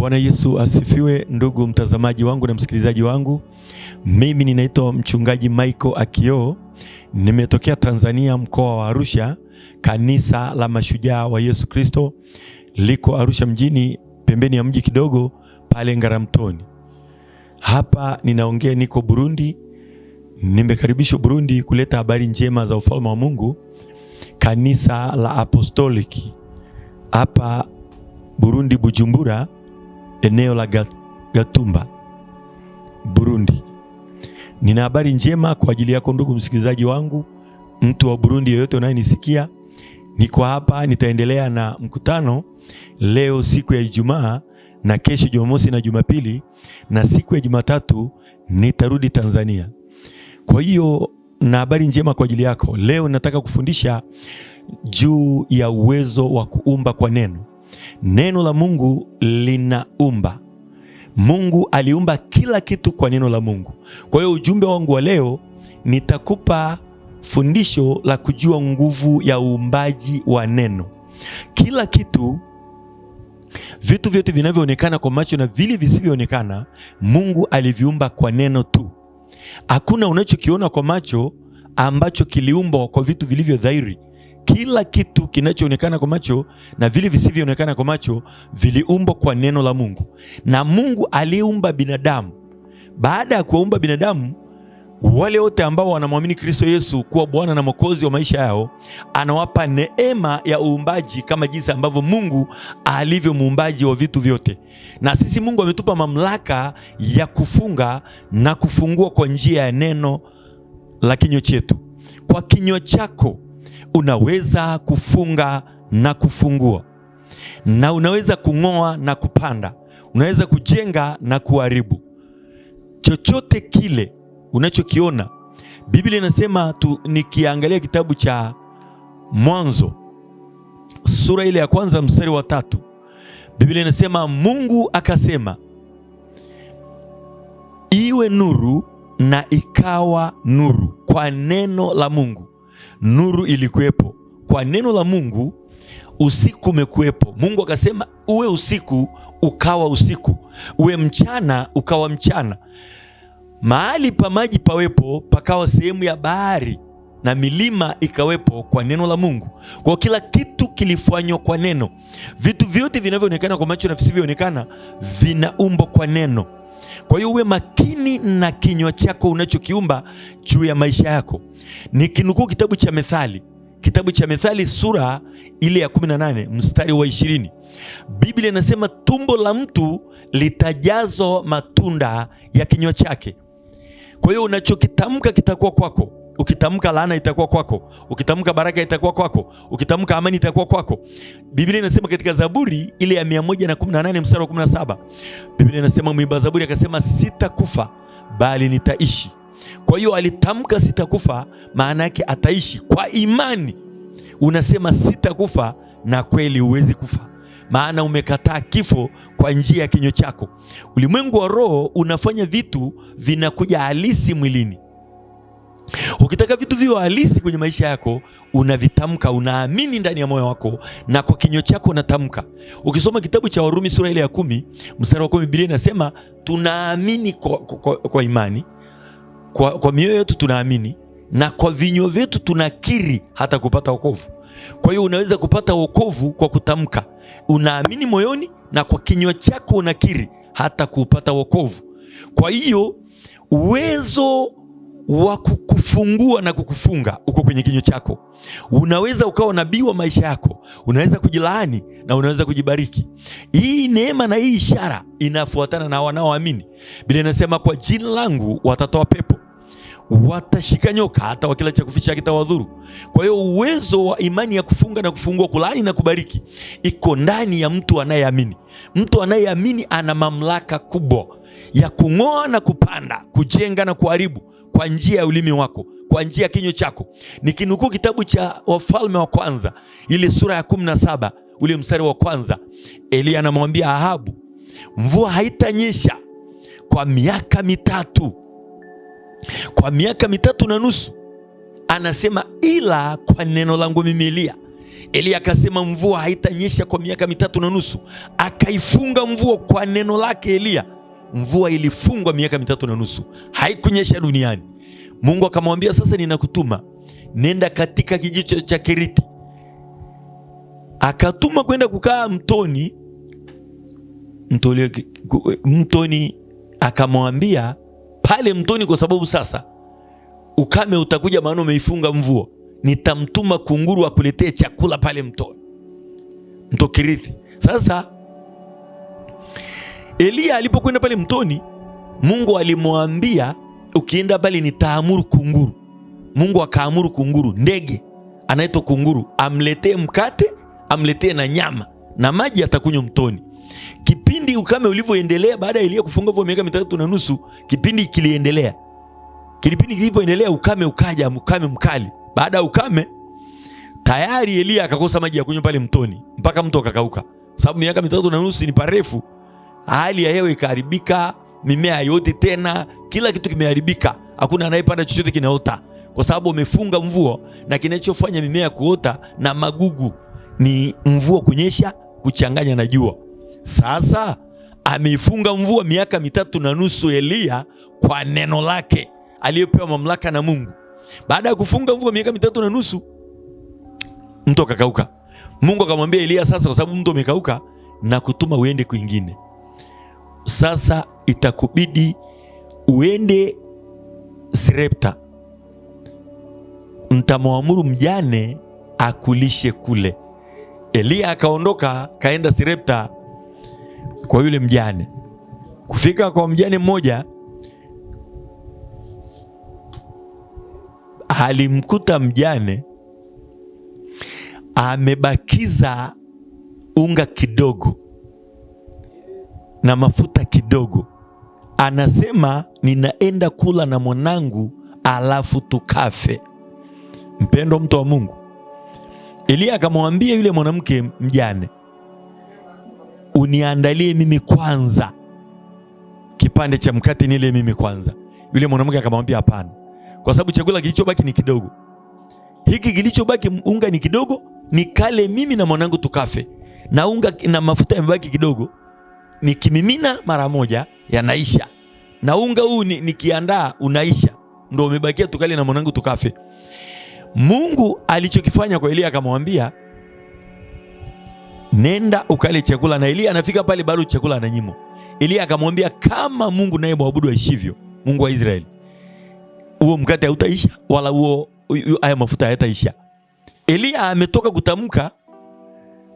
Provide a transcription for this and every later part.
Bwana Yesu asifiwe, ndugu mtazamaji wangu na msikilizaji wangu. Mimi ninaitwa mchungaji Michael Akio, nimetokea Tanzania, mkoa wa Arusha. Kanisa la Mashujaa wa Yesu Kristo liko Arusha mjini, pembeni ya mji kidogo pale Ngaramtoni. Hapa ninaongea, niko Burundi, nimekaribishwa Burundi kuleta habari njema za ufalme wa Mungu, kanisa la Apostoliki hapa Burundi, Bujumbura eneo la Gatumba, Burundi. Nina habari njema kwa ajili yako ndugu msikilizaji wangu, mtu wa Burundi yeyote unayenisikia, niko hapa. Nitaendelea na mkutano leo siku ya Ijumaa na kesho Jumamosi na Jumapili, na siku ya Jumatatu nitarudi Tanzania. Kwa hiyo na habari njema kwa ajili yako leo, nataka kufundisha juu ya uwezo wa kuumba kwa neno. Neno la Mungu linaumba. Mungu aliumba kila kitu kwa neno la Mungu. Kwa hiyo ujumbe wangu wa leo, nitakupa fundisho la kujua nguvu ya uumbaji wa neno. Kila kitu, vitu vyote vinavyoonekana kwa macho na vile visivyoonekana, Mungu aliviumba kwa neno tu. Hakuna unachokiona kwa macho ambacho kiliumbwa kwa vitu vilivyo dhahiri kila kitu kinachoonekana kwa macho na vile visivyoonekana kwa macho viliumbwa kwa neno la Mungu. Na Mungu aliyeumba binadamu, baada ya kuwaumba binadamu wale wote ambao wanamwamini Kristo Yesu kuwa Bwana na Mwokozi wa maisha yao, anawapa neema ya uumbaji kama jinsi ambavyo Mungu alivyo muumbaji wa vitu vyote. Na sisi Mungu ametupa mamlaka ya kufunga na kufungua kwa njia ya neno la kinywa chetu. Kwa kinywa chako unaweza kufunga na kufungua, na unaweza kung'oa na kupanda, unaweza kujenga na kuharibu. Chochote kile unachokiona, Biblia inasema tu. Nikiangalia kitabu cha Mwanzo sura ile ya kwanza mstari wa tatu, Biblia inasema Mungu akasema iwe nuru, na ikawa nuru, kwa neno la Mungu nuru ilikuwepo, kwa neno la Mungu usiku umekuwepo. Mungu akasema uwe usiku, ukawa usiku, uwe mchana, ukawa mchana. Mahali pa maji pawepo, pakawa sehemu ya bahari na milima ikawepo kwa neno la Mungu. Kwa kila kitu kilifanywa kwa neno. Vitu vyote vinavyoonekana kwa macho na visivyoonekana vinaumbwa kwa neno. Kwa hiyo uwe makini na kinywa chako unachokiumba juu ya maisha yako. Nikinukuu kitabu cha Methali, kitabu cha Methali sura ile ya 18 mstari wa 20, Biblia inasema tumbo la mtu litajazwa matunda ya kinywa chake. Kwa hiyo unachokitamka kitakuwa kwako. Ukitamka laana itakuwa kwako, ukitamka baraka itakuwa kwako, ukitamka amani itakuwa kwako. Biblia inasema katika Zaburi ile ya 118 mstari wa 17, Biblia inasema mwimba Zaburi akasema, sitakufa bali nitaishi. Kwa hiyo alitamka sitakufa, maana yake ataishi kwa imani. Unasema sitakufa, na kweli huwezi kufa maana umekataa kifo kwa njia ya kinywa chako. Ulimwengu wa roho unafanya vitu vinakuja halisi mwilini. Ukitaka vitu viwe halisi kwenye maisha yako, unavitamka, unaamini ndani ya moyo wako na kwa kinywa chako unatamka. Ukisoma kitabu cha Warumi sura ile ya kumi mstari wa kumi Biblia inasema tunaamini kwa, kwa, kwa imani kwa, kwa mioyo yetu tunaamini na kwa vinywa vyetu tunakiri hata kupata wokovu. Kwa hiyo unaweza kupata wokovu kwa kutamka, unaamini moyoni na kwa kinywa chako unakiri hata kupata wokovu. Kwa hiyo uwezo wa kukufungua na kukufunga uko kwenye kinywa chako. Unaweza ukawa nabii wa maisha yako, unaweza kujilaani na unaweza kujibariki. Hii neema na hii ishara inafuatana na wanaoamini. Biblia inasema kwa jina langu watatoa pepo, watashika nyoka, hata wakila cha kuficha kitawadhuru. Kwa hiyo uwezo wa imani ya kufunga na kufungua, kulaani na kubariki iko ndani ya mtu anayeamini. Mtu anayeamini ana mamlaka kubwa ya kung'oa na kupanda, kujenga na kuharibu kwa njia ya ulimi wako, kwa njia ya kinywa chako. Nikinukuu kitabu cha Wafalme wa Kwanza ile sura ya kumi na saba ule mstari wa kwanza, Eliya anamwambia Ahabu, mvua haitanyesha kwa miaka mitatu, kwa miaka mitatu na nusu. Anasema ila kwa neno langu mimi Eliya. Eliya akasema mvua haitanyesha kwa miaka mitatu na nusu, akaifunga mvua kwa neno lake Eliya mvua ilifungwa miaka mitatu na nusu, haikunyesha duniani. Mungu akamwambia sasa, ninakutuma nenda katika kijicho cha Keriti. Akatuma kwenda kukaa mtoni mtoni, mtoni akamwambia pale mtoni, kwa sababu sasa ukame utakuja, maana umeifunga mvua, nitamtuma kunguru akuletee chakula pale mtoni, mto Kirithi. Sasa Eliya alipokwenda pale mtoni, Mungu alimwambia ukienda pale nitaamuru kunguru. Mungu akaamuru kunguru, ndege anaitwa kunguru, amletee mkate, amletee na nyama na maji, atakunywa mtoni. Kipindi ukame ulivyoendelea, baada ya Eliya kufunga kwa miaka mitatu na nusu, kipindi kiliendelea. Kipindi kilipoendelea, ukame ukaja, ukame mkali. Baada ya ukame tayari Eliya akakosa maji ya kunywa pale mtoni, mpaka mto akakauka, sababu miaka mitatu na nusu ni parefu hali ya hewa ikaharibika, mimea yote tena, kila kitu kimeharibika, hakuna anayepanda chochote kinaota, kwa sababu umefunga mvua, na kinachofanya mimea kuota na magugu ni mvua kunyesha, kuchanganya na jua. Sasa ameifunga mvua miaka mitatu na nusu Eliya kwa neno lake aliyopewa mamlaka na Mungu. Baada ya kufunga mvua miaka mitatu na nusu, mtu akakauka. Mungu akamwambia Eliya, sasa kwa sababu mtu umekauka, na kutuma uende kwingine sasa itakubidi uende srepta mtamwamuru mjane akulishe kule. Eliya akaondoka kaenda srepta kwa yule mjane. Kufika kwa mjane mmoja, alimkuta mjane amebakiza unga kidogo na mafuta kidogo, anasema ninaenda kula na mwanangu alafu tukafe. Mpendo mtu wa Mungu, Eliya akamwambia yule mwanamke mjane, uniandalie mimi kwanza kipande cha mkate nile mimi kwanza. Yule mwanamke akamwambia hapana, kwa sababu chakula kilichobaki ni kidogo, hiki kilichobaki unga ni kidogo, nikale mimi na mwanangu tukafe, na unga na mafuta yamebaki kidogo nikimimina mara moja yanaisha, na unga huu nikiandaa unaisha, ndo umebakia tukali na mwanangu tukafe. Mungu alichokifanya kwa Eliya akamwambia nenda ukale chakula, na Eliya anafika pale bado chakula ananyimwa. Eliya akamwambia kama Mungu naye mwabudu aishivyo, Mungu wa Israeli, huo mkate hautaisha wala huo haya mafuta hayataisha. Eliya ametoka kutamka,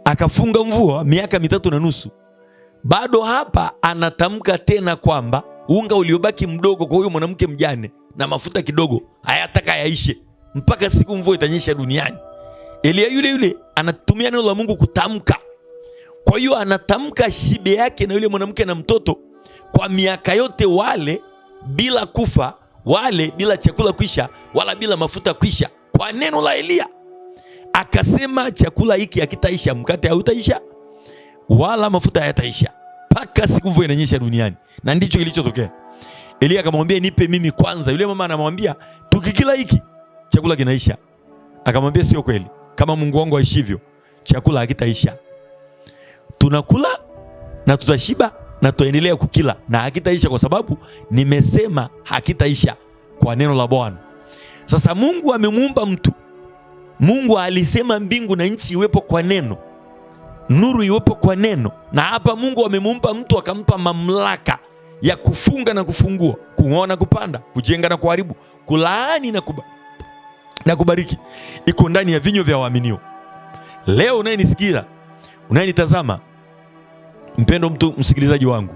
akafunga mvua miaka mitatu na nusu. Bado hapa anatamka tena kwamba unga uliobaki mdogo kwa huyo mwanamke mjane na mafuta kidogo hayataka yaishe mpaka siku mvua itanyesha duniani. Eliya yule yule anatumia neno la Mungu kutamka. Kwa hiyo anatamka shibe yake na yule mwanamke na mtoto kwa miaka yote, wale bila kufa, wale bila chakula kwisha, wala bila mafuta kwisha, kwa neno la Eliya. Akasema chakula hiki hakitaisha, mkate hautaisha, wala mafuta hayataisha mpaka siku mvua inanyesha duniani, na ndicho kilichotokea. Elia akamwambia nipe mimi kwanza. Yule mama anamwambia tukikila hiki chakula kinaisha. Akamwambia sio kweli, kama Mungu wangu aishivyo, chakula hakitaisha. Tunakula na tutashiba na tutaendelea kukila na hakitaisha, kwa sababu nimesema hakitaisha kwa neno la Bwana. Sasa Mungu amemuumba mtu, Mungu alisema mbingu na nchi iwepo kwa neno nuru iwepo kwa neno, na hapa Mungu amemumpa mtu akampa mamlaka ya kufunga na kufungua, kung'oa na kupanda, kujenga na kuharibu, kulaani na, kuba, na kubariki, iko ndani ya vinywa vya waaminio. Leo unayenisikiza, unayenitazama, mpendo mtu msikilizaji wangu,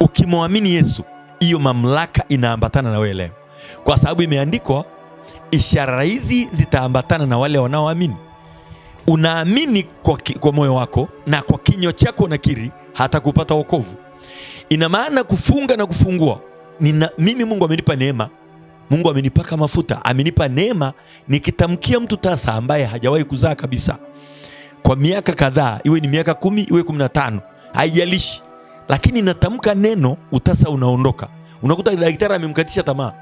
ukimwamini Yesu, hiyo mamlaka inaambatana na wewe leo, kwa sababu imeandikwa, ishara hizi zitaambatana na wale wanaoamini unaamini kwa, kwa moyo wako na kwa kinywa chako kiri hata kupata wokovu. Ina maana kufunga na kufungua nina, mimi Mungu amenipa neema, Mungu amenipaka mafuta, amenipa neema nikitamkia mtu tasa ambaye hajawahi kuzaa kabisa kwa miaka kadhaa, iwe ni miaka kumi iwe kumi na tano haijalishi, lakini natamka neno, utasa unaondoka. Unakuta daktari amemkatisha tamaa,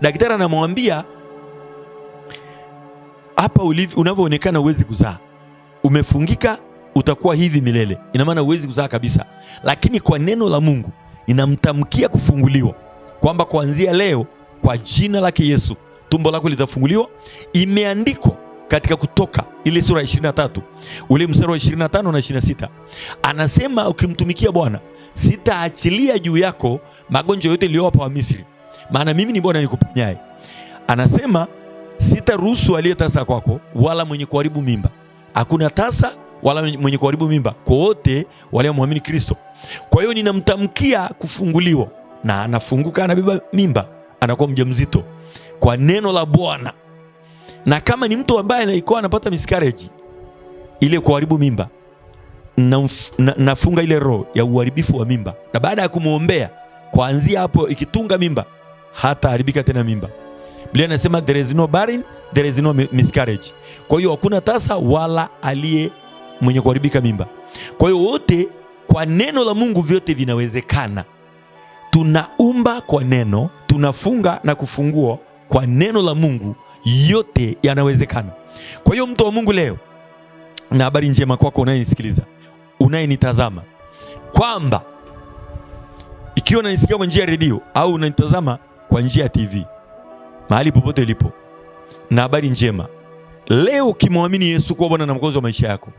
daktari anamwambia hapa unavyoonekana huwezi kuzaa, umefungika utakuwa hivi milele, ina maana huwezi kuzaa kabisa. Lakini kwa neno la Mungu ninamtamkia kufunguliwa, kwamba kuanzia leo kwa jina lake Yesu tumbo lako litafunguliwa. Imeandikwa katika Kutoka ile sura ya 23 ule mstari wa 25 na 26, anasema ukimtumikia Bwana sitaachilia juu yako magonjwa yote niliyowapa wa Misri, maana mimi ni Bwana nikuponyaye. Anasema sitaruhusu aliyetasa kwako wala mwenye kuharibu mimba hakuna tasa wala mwenye kuharibu mimba kwa wote waliomwamini Kristo. Kwa hiyo ninamtamkia kufunguliwa, na anafunguka, anabeba mimba, anakuwa mjamzito kwa neno la Bwana. Na kama ni mtu ambaye alikuwa anapata miscarriage ile kuharibu mimba, nafunga na, nafunga ile roho ya uharibifu wa mimba, na baada ya kumwombea kuanzia hapo, ikitunga mimba hata haribika tena mimba. Biblia inasema there is no barren, there is no miscarriage. Kwa hiyo hakuna tasa wala aliye mwenye kuharibika mimba. Kwa hiyo wote, kwa neno la Mungu vyote vinawezekana. Tunaumba kwa neno, tunafunga na kufungua kwa neno la Mungu, yote yanawezekana. Kwa hiyo mtu wa Mungu leo, na habari njema kwako unayenisikiliza, unayenitazama kwamba ikiwa unanisikia kwa njia ya redio au unanitazama kwa njia ya TV mahali popote ulipo, na habari njema leo, ukimwamini Yesu kuwa Bwana na Mwokozi wa maisha yako,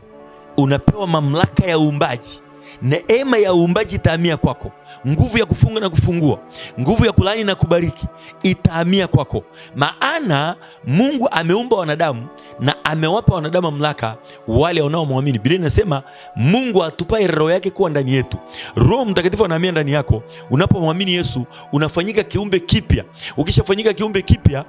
unapewa mamlaka ya uumbaji neema ya uumbaji itahamia kwako, nguvu ya kufunga na kufungua, nguvu ya kulaani na kubariki itahamia kwako, maana Mungu ameumba wanadamu na amewapa wanadamu mamlaka wale wanaomwamini. Biblia inasema Mungu atupaye roho yake kuwa ndani yetu. Roho Mtakatifu anahamia ndani yako. Unapomwamini Yesu unafanyika kiumbe kipya. Ukishafanyika kiumbe kipya,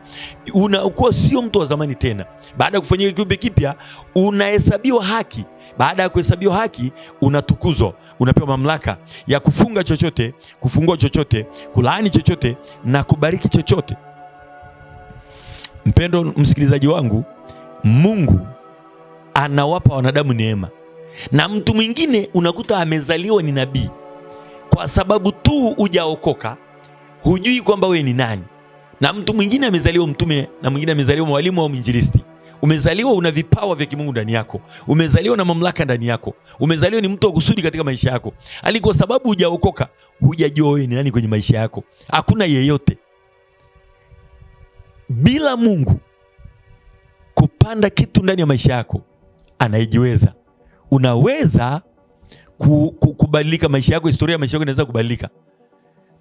unakuwa sio mtu wa zamani tena. Baada ya kufanyika kiumbe kipya, unahesabiwa haki baada ya kuhesabiwa haki, unatukuzwa, unapewa mamlaka ya kufunga chochote, kufungua chochote, kulaani chochote na kubariki chochote. Mpendo msikilizaji wangu, Mungu anawapa wanadamu neema, na mtu mwingine unakuta amezaliwa ni nabii, kwa sababu tu hujaokoka hujui kwamba we ni nani, na mtu mwingine amezaliwa mtume, na mwingine amezaliwa mwalimu au mwinjilisti. Umezaliwa una vipawa vya kimungu ndani yako, umezaliwa na mamlaka ndani yako, umezaliwa ni mtu wa kusudi katika maisha yako. Hali kwa sababu hujaokoka, hujajua wewe ni nani kwenye maisha yako. Hakuna yeyote bila Mungu kupanda kitu ndani ya maisha yako anayejiweza. Unaweza kubadilika maisha yako, historia ya maisha yako inaweza kubadilika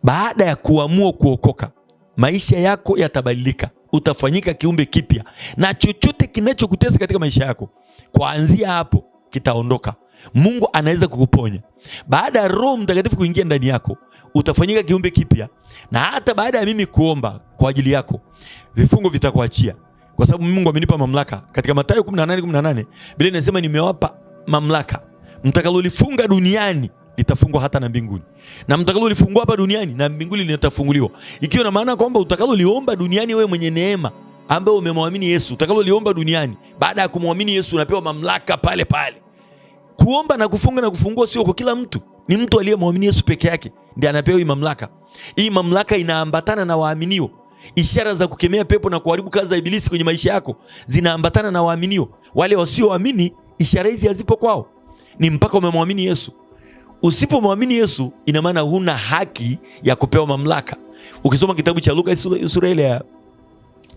baada ya kuamua kuokoka maisha yako yatabadilika, utafanyika kiumbe kipya, na chochote kinachokutesa katika maisha yako kuanzia hapo kitaondoka. Mungu anaweza kukuponya baada ya Roho Mtakatifu kuingia ndani yako, utafanyika kiumbe kipya. Na hata baada ya mimi kuomba kwa ajili yako, vifungo vitakuachia, kwa sababu Mungu amenipa mamlaka. Katika Mathayo 18:18 Biblia inasema nimewapa mamlaka mtakalolifunga duniani litafungwa hata na mbinguni, na mtakalo mtakalolifungua hapa duniani na mbinguni litafunguliwa, ikiwa na maana kwamba utakalo liomba duniani, wewe mwenye neema ambaye umemwamini Yesu, utakalo liomba duniani baada ya kumwamini Yesu unapewa mamlaka pale pale. Kuomba na kufunga na kufungua sio kwa kila mtu, ni mtu aliyemwamini Yesu peke yake ndiye anapewa hii mamlaka. Hii mamlaka inaambatana na waaminio. Ishara za kukemea pepo na kuharibu kazi za Ibilisi kwenye maisha yako zinaambatana na waaminio. Wale wasioamini ishara hizi hazipo kwao, ni mpaka umemwamini Yesu. Usipomwamini Yesu, ina maana huna haki ya kupewa mamlaka. Ukisoma kitabu cha Luka sura ile ya,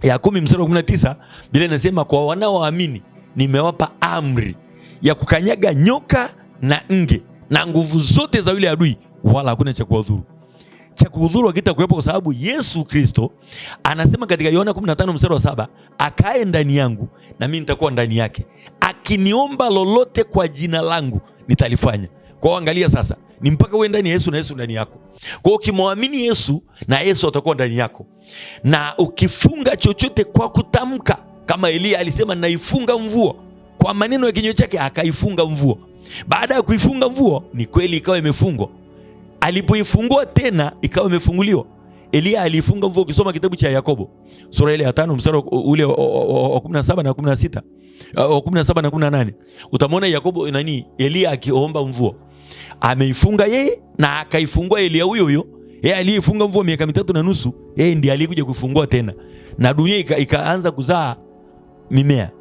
ya kumi mstari wa kumi na tisa Biblia inasema kwa wanaoamini nimewapa amri ya kukanyaga nyoka na nge na nguvu zote za yule adui, wala hakuna cha kuwadhuru cha kuhudhuru akita kuwepo, kwa sababu Yesu Kristo anasema katika Yohana 15 mstari wa saba, akae ndani yangu na mimi nitakuwa ndani yake, akiniomba lolote kwa jina langu nitalifanya. Kwao angalia sasa, ni mpaka uwe ndani ya Yesu na Yesu ndani yako. Kwao ukimwamini Yesu na Yesu atakuwa ndani yako, na ukifunga chochote kwa kutamka, kama Eliya alisema naifunga mvua kwa maneno ya kinywa chake, akaifunga mvua. Baada ya kuifunga mvua, ni kweli ikawa imefungwa. Alipoifungua tena ikawa imefunguliwa. Eliya aliifunga mvua. Ukisoma kitabu cha Yakobo sura ile ya tano mstari ule wa kumi na saba na kumi na sita uh, wa kumi na saba na kumi na nane utamwona Yakobo nani, Eliya akiomba mvua ameifunga yeye na akaifungua Elia huyo huyo. Yeye aliyefunga mvua miaka mitatu na nusu, yeye ndiye aliyekuja kuifungua tena, na dunia ikaanza kuzaa mimea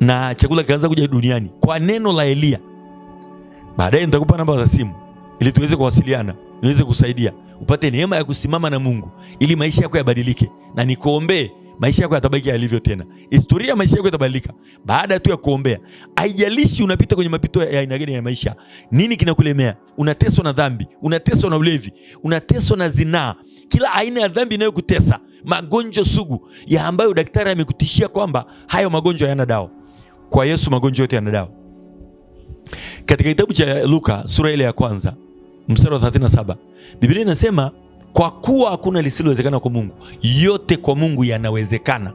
na chakula kikaanza kuja duniani kwa neno la Elia. Baadaye nitakupa namba za simu ili tuweze kuwasiliana, niweze kusaidia upate neema ya kusimama na Mungu ili maisha yako yabadilike, na nikuombee maisha yako yatabaki yalivyo tena. Historia ya maisha yako itabadilika baada tu ya kuombea. Haijalishi unapita kwenye mapito ya aina gani ya maisha, nini kinakulemea? Unateswa na dhambi, unateswa na ulevi, unateswa na zinaa, kila aina ya dhambi inayokutesa, magonjwa sugu ya ambayo daktari amekutishia kwamba hayo magonjwa hayana dawa. Kwa Yesu magonjwa yote yana dawa. Katika kitabu cha Luka sura ile ya kwanza mstari wa 37 Biblia inasema kwa kuwa hakuna lisilowezekana kwa Mungu, yote kwa Mungu yanawezekana.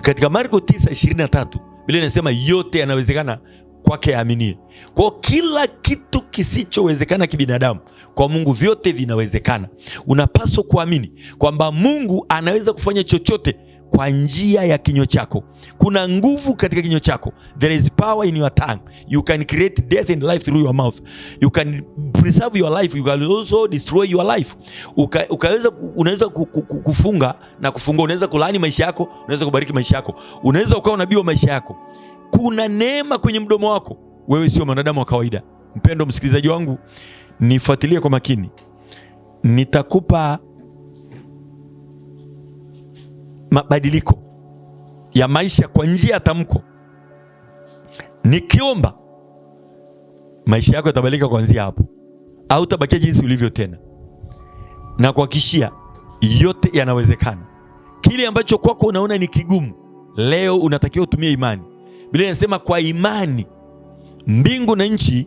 Katika Marko 9:23 Biblia inasema yote yanawezekana kwake aaminie. Kwa kila kitu kisichowezekana kibinadamu kwa Mungu vyote vinawezekana. Unapaswa kuamini kwamba Mungu anaweza kufanya chochote kwa njia ya kinywa chako. Kuna nguvu katika kinywa chako. There is power in your tongue. You can create death and life through your mouth. You can preserve your life. You can also destroy your life. Uka, ukaweza, unaweza kufunga na kufungua. Unaweza kulaani maisha yako, unaweza kubariki maisha yako. Unaweza ukawa nabii wa maisha yako. Kuna neema kwenye mdomo wako. Wewe sio mwanadamu wa kawaida. Mpendo msikilizaji wangu, nifuatilie kwa makini, nitakupa mabadiliko ya maisha kwa njia ya tamko. Nikiomba maisha yako yatabadilika kuanzia hapo, au utabakia jinsi ulivyo tena, na kuhakikishia yote yanawezekana. Kile ambacho kwako unaona ni kigumu leo, unatakiwa utumie imani. Biblia inasema kwa imani mbingu na nchi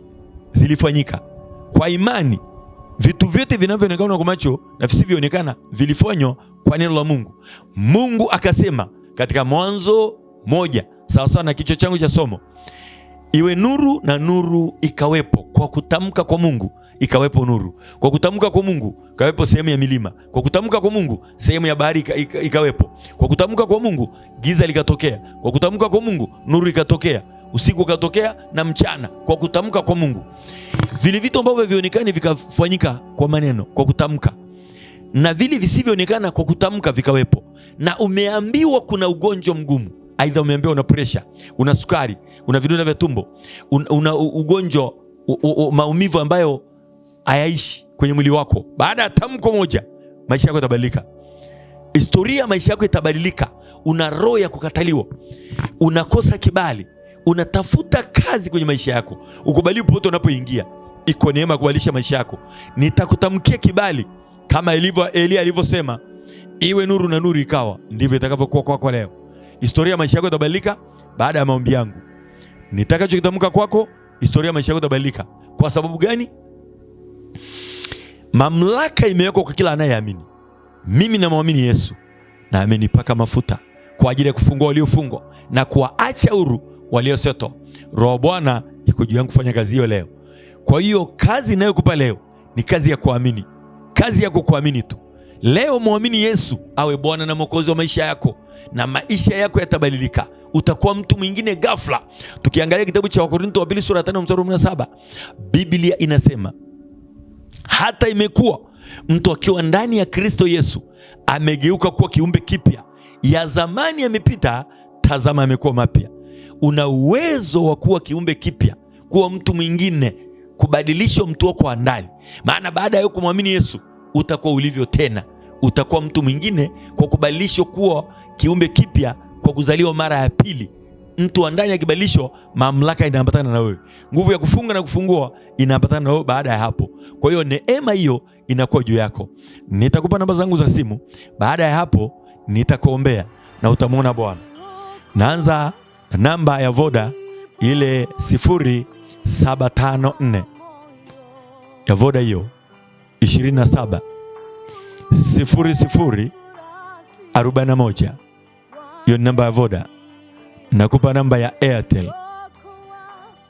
zilifanyika, kwa imani vitu vyote vinavyoonekana kwa macho na visivyoonekana vilifanywa kwa neno la Mungu. Mungu akasema katika Mwanzo moja sawasawa na kichwa changu cha somo, iwe nuru, na nuru ikawepo. Kwa kutamka kwa Mungu ikawepo nuru, kwa kutamka kwa Mungu ikawepo sehemu ya milima, kwa kutamka kwa Mungu sehemu ya bahari ikawepo, kwa kutamka kwa Mungu giza likatokea, kwa kutamka kwa Mungu nuru ikatokea, usiku ukatokea na mchana, kwa kutamka kwa Mungu. Vile vitu ambavyo vionekani vikafanyika kwa maneno, kwa kutamka na vile visivyoonekana kwa kutamka vikawepo, na umeambiwa kuna ugonjwa mgumu, aidha umeambiwa una presha, una sukari, una vidonda vya tumbo, una, una ugonjwa maumivu ambayo hayaishi kwenye mwili wako, baada ya tamko moja maisha yako yatabadilika, historia maisha yako itabadilika. Una roho ya kukataliwa, unakosa kibali, unatafuta kazi kwenye maisha yako, ukubali popote unapoingia. Iko neema ya kubadilisha maisha yako. Nitakutamkia kibali kama ilivyo Elia alivyosema, iwe nuru na nuru ikawa, ndivyo itakavyokuwa kwako leo. Historia ya maisha yako itabadilika baada ya maombi yangu. Nitakachokitamka kwako, historia ya maisha yako itabadilika. Kwa sababu gani? Mamlaka imewekwa kwa kila anayeamini. Mimi namwamini Yesu na amenipaka mafuta kwa ajili ya kufungua waliofungwa na kuwaacha huru waliosetwa. Roho Bwana iko juu yangu kufanya kazi hiyo leo. Kwa hiyo kazi inayokupa leo ni kazi ya kuamini kazi yako kuamini tu. Leo mwamini Yesu awe Bwana na Mwokozi wa maisha yako, na maisha yako yatabadilika, utakuwa mtu mwingine ghafla. Tukiangalia kitabu cha Wakorintho wa pili sura ya 5 mstari wa 17, Biblia inasema hata imekuwa mtu akiwa ndani ya Kristo Yesu amegeuka kuwa kiumbe kipya, ya zamani yamepita, tazama amekuwa mapya. Una uwezo wa kuwa kiumbe kipya, kuwa mtu mwingine, kubadilishwa mtu wako wa ndani, maana baada ya kumwamini Yesu utakuwa ulivyo tena, utakuwa mtu mwingine kwa kubadilishwa kuwa kiumbe kipya kwa kuzaliwa mara ya pili. Mtu wa ndani akibadilishwa, mamlaka inaambatana na wewe, nguvu ya kufunga na kufungua inaambatana na wewe baada ya hapo. Kwa hiyo neema hiyo inakuwa juu yako. Nitakupa namba zangu za simu, baada ya hapo nitakuombea na utamwona Bwana. Naanza na namba ya Voda ile 0754 ya Voda hiyo 27 00 41. Hiyo ni namba ya Voda, nakupa namba ya Airtel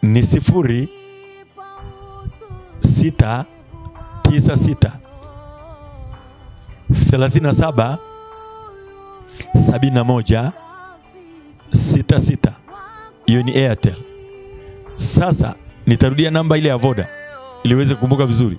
ni 0 6 96 37 71 66. Hiyo ni Airtel. Sasa nitarudia namba ile ya Voda ili uweze kukumbuka vizuri.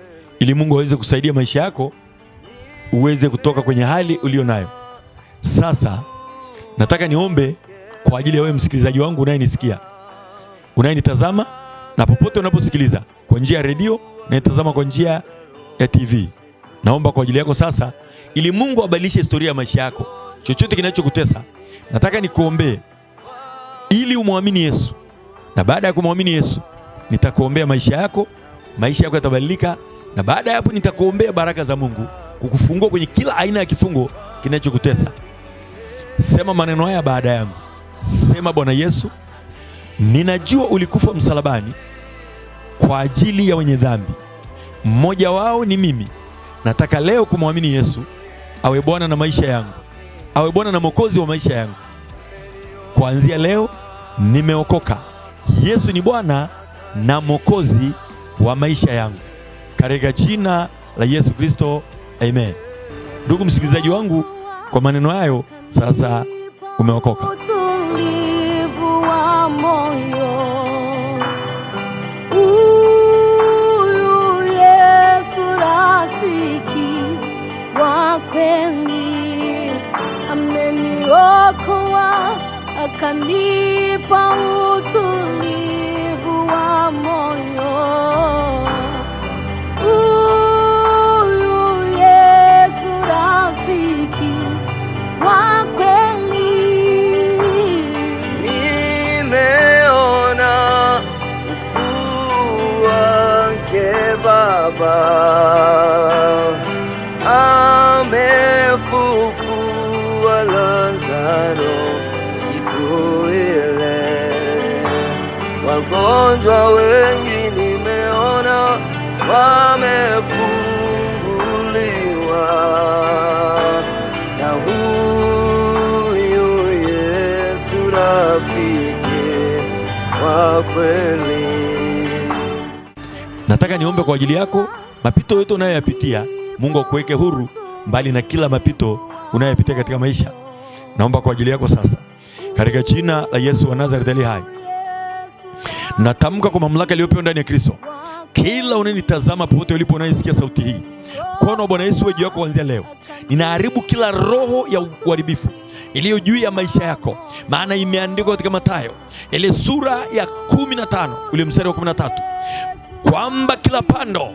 ili Mungu aweze kusaidia maisha yako uweze kutoka kwenye hali ulio nayo. Sasa nataka niombe kwa ajili ya wewe msikilizaji wangu unayenisikia, unayenitazama na popote unaposikiliza kwa njia ya redio, unayenitazama kwa njia ya TV, naomba kwa ajili yako sasa, ili Mungu abadilishe historia ya maisha yako. Chochote kinachokutesa nataka nikuombee ili umwamini Yesu, na baada ya kumwamini Yesu nitakuombea maisha yako, maisha yako yatabadilika na baada ya hapo nitakuombea baraka za Mungu kukufungua kwenye kila aina ya kifungo kinachokutesa. Sema maneno haya baada yangu, sema: Bwana Yesu, ninajua ulikufa msalabani kwa ajili ya wenye dhambi, mmoja wao ni mimi. Nataka leo kumwamini Yesu awe Bwana na maisha yangu, awe Bwana na Mwokozi wa maisha yangu. Kuanzia leo nimeokoka. Yesu ni Bwana na Mwokozi wa maisha yangu katika jina la Yesu Kristo, amen. Ndugu msikilizaji wangu, kwa maneno hayo sasa umeokoka. Utulivu wa moyo huyu Yesu, rafiki wa kweli, ameniokoa akanipa utulivu wa moyo. wagonjwa wengi nimeona wamefunguliwa na huyu Yesu, rafiki wa kweli. Nataka niombe kwa ajili yako, mapito yote unayoyapitia, Mungu akuweke huru mbali na kila mapito unayoyapitia katika maisha. Naomba kwa ajili yako sasa, katika jina la Yesu wa Nazareti ali hai Natamka kwa mamlaka iliyopewa ndani ya Kristo, kila unanitazama popote ulipo, unaisikia sauti hii, mkono wa Bwana Yesu uwe juu yako kuanzia leo. Ninaharibu kila roho ya uharibifu iliyo juu ya maisha yako, maana imeandikwa katika Mathayo ile sura ya tano ule mstari wa tatu kwamba kila pando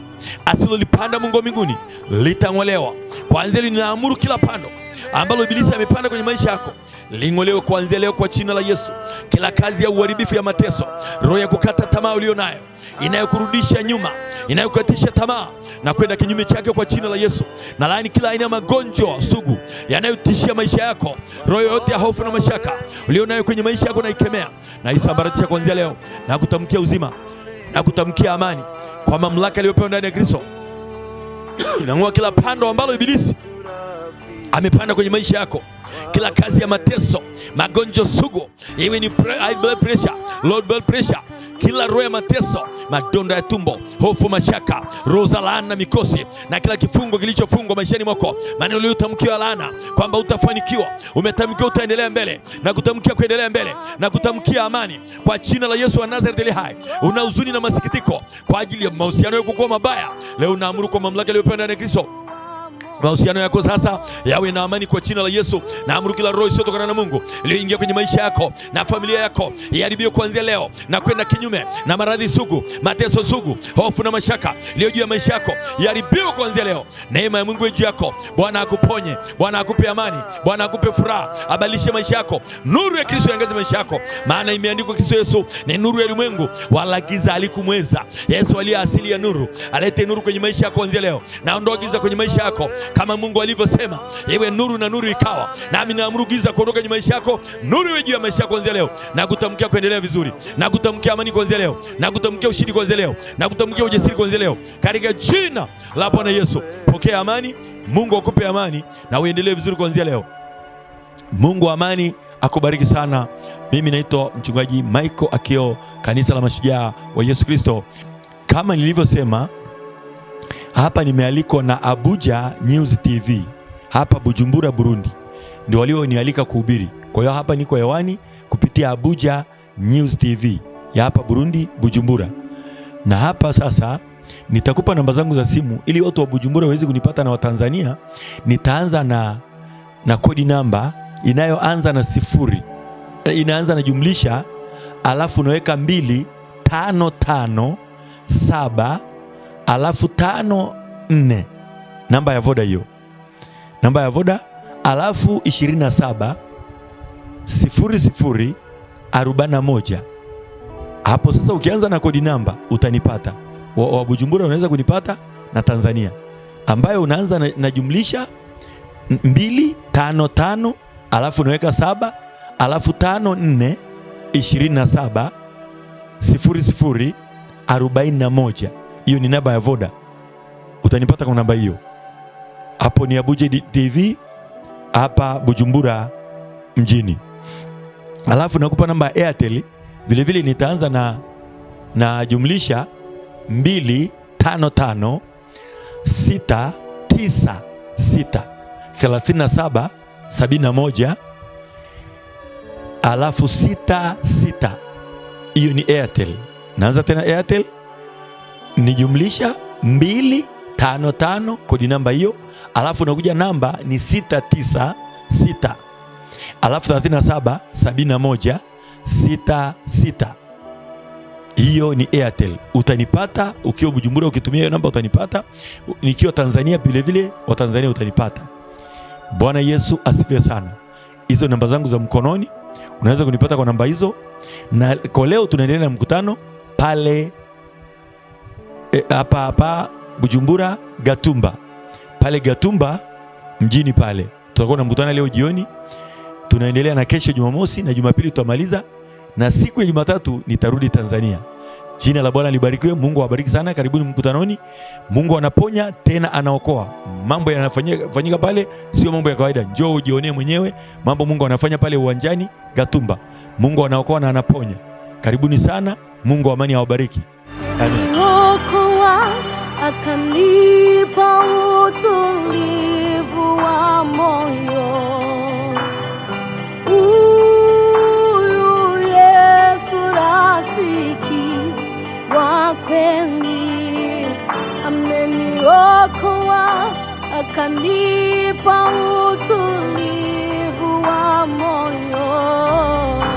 asilolipanda Mungu wa mbinguni litang'olewa. Kwanza linaamuru kila pando ambalo Ibilisi amepanda kwenye maisha yako ling'olewe kuanzia leo kwa jina la Yesu. Kila kazi ya uharibifu ya mateso, roho ya kukata tamaa ulio nayo, inayokurudisha nyuma, inayokatisha tamaa na kwenda kinyume chake kwa jina la Yesu. Na laani kila aina ya magonjwa sugu yanayotishia maisha yako, roho yote ya hofu na mashaka ulio nayo kwenye maisha yako, naikemea na isambaratisha kuanzia leo na kutamkia uzima na kutamkia amani kwa mamlaka aliyopewa ndani ya Kristo. Inang'oa kila pando ambalo ibilisi amepanda kwenye maisha yako. Kila kazi ya mateso, magonjwa sugu, iwe ni high blood pressure, low blood pressure, kila roho ya mateso, madonda ya tumbo, hofu, mashaka, roho za laana mikosi, na kila kifungo kilichofungwa maishani mwako, maneno uliyotamkiwa laana kwamba utafanikiwa, umetamkiwa utaendelea mbele na kutamkia kuendelea mbele na kutamkia amani kwa jina la Yesu wa Nazareth ile hai. Una huzuni na masikitiko kwa ajili ya mahusiano yako kuwa mabaya, leo unaamuru kwa mamlaka iliyopewa ndani ya Kristo Mahusiano yako sasa yawe na amani kwa jina la Yesu, na amuru kila roho isiyotokana na Mungu iliyoingia kwenye maisha yako na familia yako iharibiwe kuanzia leo na kwenda kinyume, na maradhi sugu, mateso sugu, hofu na mashaka iliyo juu ya maisha yako iharibiwe kuanzia leo. Neema ya Mungu juu yako. Bwana akuponye, Bwana akupe amani, Bwana akupe furaha, abadilishe maisha yako. Nuru ya Kristo iangaze maisha yako, maana imeandikwa, Kristo Yesu ni nuru ya ulimwengu, wala giza Yesu aliye asili ya nuru alete nuru kwenye maisha yako kuanzia leo, naondoa giza kwenye maisha yako kama Mungu alivyosema, iwe nuru na nuru ikawa. Nami naamuru giza kuondoka kwenye maisha yako, nuru iwe juu ya maisha yako kuanzia leo. Nakutamkia kuendelea vizuri, nakutamkia amani kuanzia leo, nakutamkia ushindi kuanzia leo, nakutamkia ujasiri kuanzia leo, katika jina la Bwana Yesu. Pokea amani. Mungu akupe amani na uendelee vizuri kuanzia leo. Mungu amani akubariki sana. Mimi naitwa mchungaji Michael Akio, kanisa la mashujaa wa Yesu Kristo. Kama nilivyosema hapa nimealikwa na Abuja News TV hapa Bujumbura, Burundi, ndio walionialika kuhubiri. Kwa hiyo hapa niko hewani kupitia Abuja News TV ya hapa Burundi, Bujumbura. Na hapa sasa nitakupa namba zangu za simu ili watu wa Bujumbura waweze kunipata na Watanzania. Nitaanza na, na kodi namba inayoanza na sifuri, inaanza na jumlisha, alafu unaweka mbili tano tano saba alafu tano nne, namba ya voda hiyo, namba ya voda alafu 27 00 41. Hapo sasa ukianza na kodi namba utanipata wa, wa Bujumbura unaweza kunipata na Tanzania ambayo unaanza na, na jumlisha tano alafu unaweka saba alafu 54 27 00 41 hiyo ni namba ya Voda, utanipata kwa namba hiyo. Hapo ni Abuja TV hapa Bujumbura mjini, alafu nakupa namba ya Airtel vilevile. Nitaanza na, na jumlisha 255 696 37 71 alafu 66. Hiyo ni Airtel. Naanza tena Airtel ni jumlisha 255 kodi namba hiyo, alafu unakuja namba ni 696 alafu 37 71 66. Hiyo ni Airtel, utanipata ukiwa Bujumbura, ukitumia hiyo namba utanipata, nikiwa Tanzania vilevile, wa Tanzania utanipata. Bwana Yesu asifiwe sana. Hizo namba zangu za mkononi unaweza kunipata kwa namba hizo, na kwa leo tunaendelea na mkutano pale Eh, hapa e, hapa Bujumbura Gatumba pale Gatumba mjini pale tutakuwa tunakutana leo jioni, tunaendelea na kesho Jumamosi na Jumapili tutamaliza, na siku ya Jumatatu nitarudi Tanzania. Jina la Bwana libarikiwe. Mungu awabariki sana, karibuni mkutanoni. Mungu anaponya tena anaokoa. Mambo yanafanyika pale, sio mambo ya kawaida. Njoo ujionee mwenyewe mambo Mungu anafanya pale uwanjani Gatumba. Mungu anaokoa na anaponya. Karibuni sana. Mungu amani awabariki aliyokuwa akanipa utulivu wa moyo. Huyu Yesu rafiki wa kweli ameniokoa akanipa utulivu wa moyo.